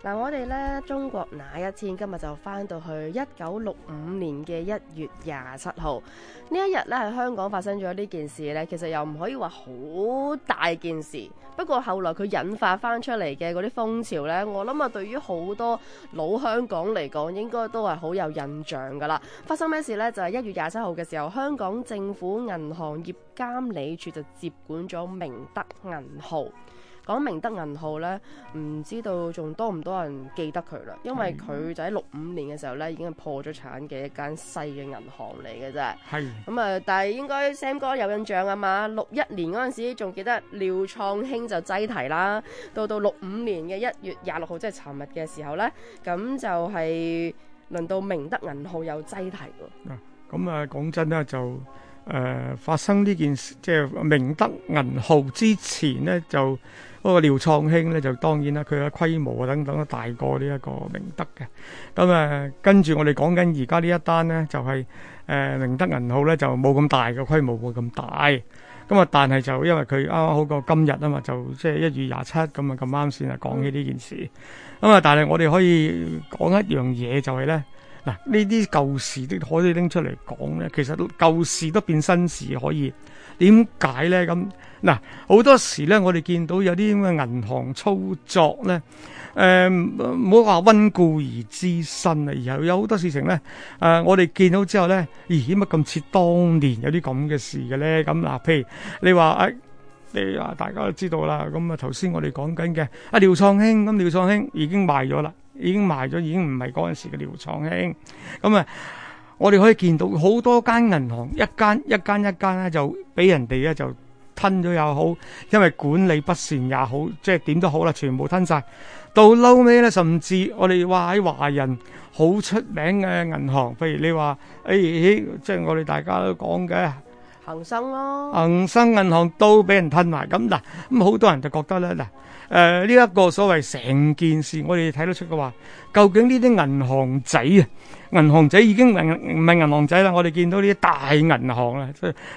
嗱、啊，我哋咧中國那一天今日就翻到去一九六五年嘅一月廿七號呢一日咧，喺香港發生咗呢件事咧，其實又唔可以話好大件事，不過後來佢引發翻出嚟嘅嗰啲風潮咧，我諗啊對於好多老香港嚟講，應該都係好有印象噶啦。發生咩事呢？就係一月廿七號嘅時候，香港政府銀行業監理處就接管咗明德銀行。講明德銀號呢，唔知道仲多唔多人記得佢啦，因為佢就喺六五年嘅時候呢已經係破咗產嘅一間細嘅銀行嚟嘅啫。係咁啊，但係應該 Sam 哥有印象啊嘛。六一年嗰陣時仲記得廖創興就擠提啦，到到六五年嘅一月廿六號即係尋日嘅、就是、時候呢，咁就係輪到明德銀號有擠提喎。嗱、啊，咁啊講真啦，就～誒、呃，發生呢件事，即係明德銀號之前呢，就嗰個廖創興呢，就當然啦，佢嘅規模啊等等都大過呢一個明德嘅。咁、嗯、啊，跟住我哋講緊而家呢一單呢，就係、是、誒、呃、明德銀號呢，就冇咁大嘅規模，冇咁大。咁啊，但係就因為佢啱啱好過今日啊嘛，就即係一月廿七咁啊咁啱先啊，講起呢件事。咁、嗯、啊、嗯，但係我哋可以講一樣嘢就係呢。嗱，呢啲舊事都可以拎出嚟講咧，其實舊事都變新事可以。點解咧？咁嗱，好多時咧，我哋見到有啲咁嘅銀行操作咧，誒、呃，唔好話溫故而知新啊，而係有好多事情咧，誒、呃，我哋見到之後咧，咦、哎，點解咁似當年有啲咁嘅事嘅咧？咁嗱，譬如你話誒、啊，你啊，大家都知道啦。咁啊，頭先我哋講緊嘅阿廖創興，咁廖創興已經賣咗啦。已經賣咗，已經唔係嗰陣時嘅廖創興。咁啊，我哋可以見到好多間銀行，一間一間一間咧就俾人哋咧就吞咗又好，因為管理不善也好，即係點都好啦，全部吞晒。到嬲尾咧，甚至我哋話喺華人好出名嘅銀行，譬如你話，咦、哎，即係我哋大家都講嘅。恒生咯，恒生銀行都俾人吞埋咁嗱，咁好多人就覺得咧嗱，誒呢一個所謂成件事，我哋睇得出嘅話，究竟呢啲銀行仔啊，銀行仔已經唔唔係銀行仔啦，我哋見到呢啲大銀行啊，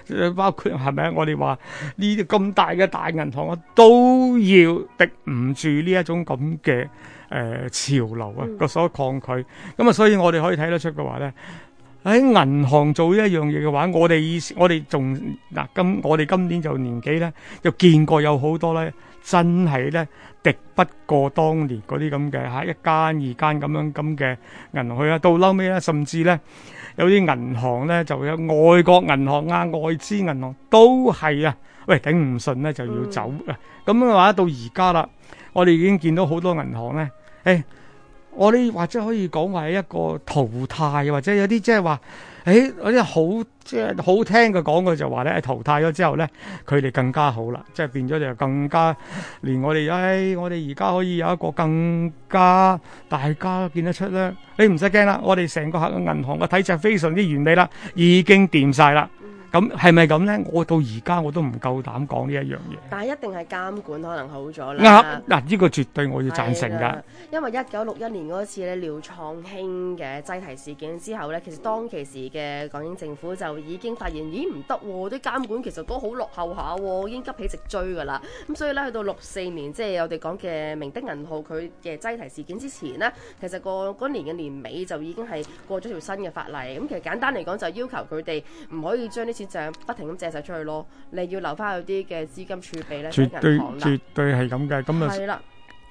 即係包括係咪啊？是是我哋話呢啲咁大嘅大銀行啊，都要敵唔住呢一種咁嘅誒潮流啊個所抗拒，咁啊、嗯，所以我哋可以睇得出嘅話咧。喺銀行做一樣嘢嘅話，我哋以前我哋仲嗱，今，我哋今年就年紀咧，就見過有好多咧，真係咧敵不過當年嗰啲咁嘅吓一間二間咁樣咁嘅銀行去啊，到後尾咧甚至咧有啲銀行咧就有外國銀行啊外資銀行都係啊，喂頂唔順咧就要走啊，咁嘅話到而家啦，我哋已經見到好多銀行咧，誒。我哋或者可以講話係一個淘汰，或者有啲即係話，誒、哎、啲好即係好聽嘅講句就話咧，淘汰咗之後咧，佢哋更加好啦，即係變咗就更加，連我哋誒、哎、我哋而家可以有一個更加大家都見得出咧，你唔使驚啦，我哋成個銀行嘅體制非常之完美啦，已經掂晒啦。咁係咪咁咧？我到而家我都唔夠膽講呢一樣嘢。但係一定係監管可能好咗啦。啱，嗱呢個絕對我要贊成㗎。因為一九六一年嗰次咧廖創興嘅擠提事件之後咧，其實當其時嘅港英政府就已經發現，咦唔得喎，啲監管其實都好落後下，已經急起直追㗎啦。咁所以咧，去到六四年，即係我哋講嘅明德銀號佢嘅擠提事件之前咧，其實過嗰年嘅年尾就已經係過咗條新嘅法例。咁其實簡單嚟講，就要求佢哋唔可以將呢。不停咁借晒出去咯，你要留翻有啲嘅資金儲備咧，絕對絕對係咁嘅，咁啊，係啦的，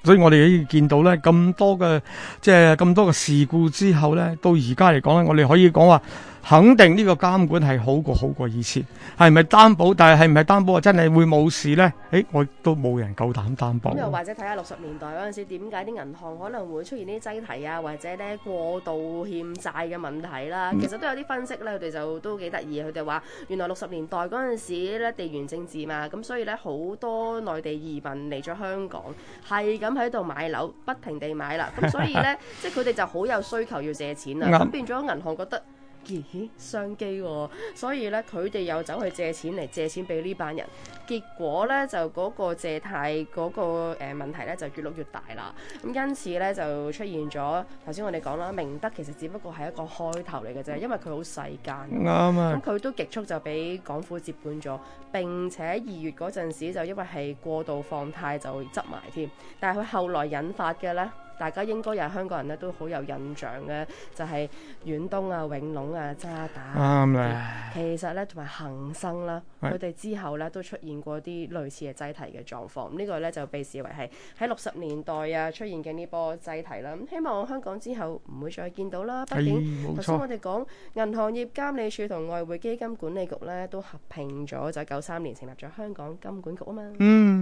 所以我哋已經見到咧咁多嘅，即係咁多嘅事故之後咧，到而家嚟講咧，我哋可以講話。肯定呢個監管係好過好過以前，係咪擔保？但係係唔係擔保啊？真係會冇事呢？誒，我都冇人夠膽擔保。咁又或者睇下六十年代嗰陣時，點解啲銀行可能會出現啲擠提啊，或者呢過度欠債嘅問題啦、啊？其實都有啲分析呢，佢哋就都幾得意，佢哋話原來六十年代嗰陣時呢，地緣政治嘛，咁所以呢好多內地移民嚟咗香港，係咁喺度買樓，不停地買啦，咁所以呢，即係佢哋就好有需求要借錢啦、啊，咁變咗銀行覺得。嗯嗯。咦，商機喎，所以咧佢哋又走去借錢嚟借錢俾呢班人，結果咧就嗰個借貸嗰、那個誒、呃、問題咧就越碌越大啦。咁因此咧就出現咗，頭先我哋講啦，明德其實只不過係一個開頭嚟嘅啫，因為佢好細間，啱啊、嗯。咁佢都極速就俾港府接管咗，並且二月嗰陣時就因為係過度放貸就執埋添。但係佢後來引發嘅咧？大家應該有香港人咧，都好有印象嘅，就係遠東啊、永隆啊、渣打，啱咧。其實咧，同埋恒生啦，佢哋之後咧都出現過啲類似嘅擠提嘅狀況。呢個咧就被視為係喺六十年代啊出現嘅呢波擠提啦。咁希望香港之後唔會再見到啦。畢竟頭先我哋講，銀行業監理處同外匯基金管理局咧都合併咗，就係九三年成立咗香港金管局啊嘛。嗯。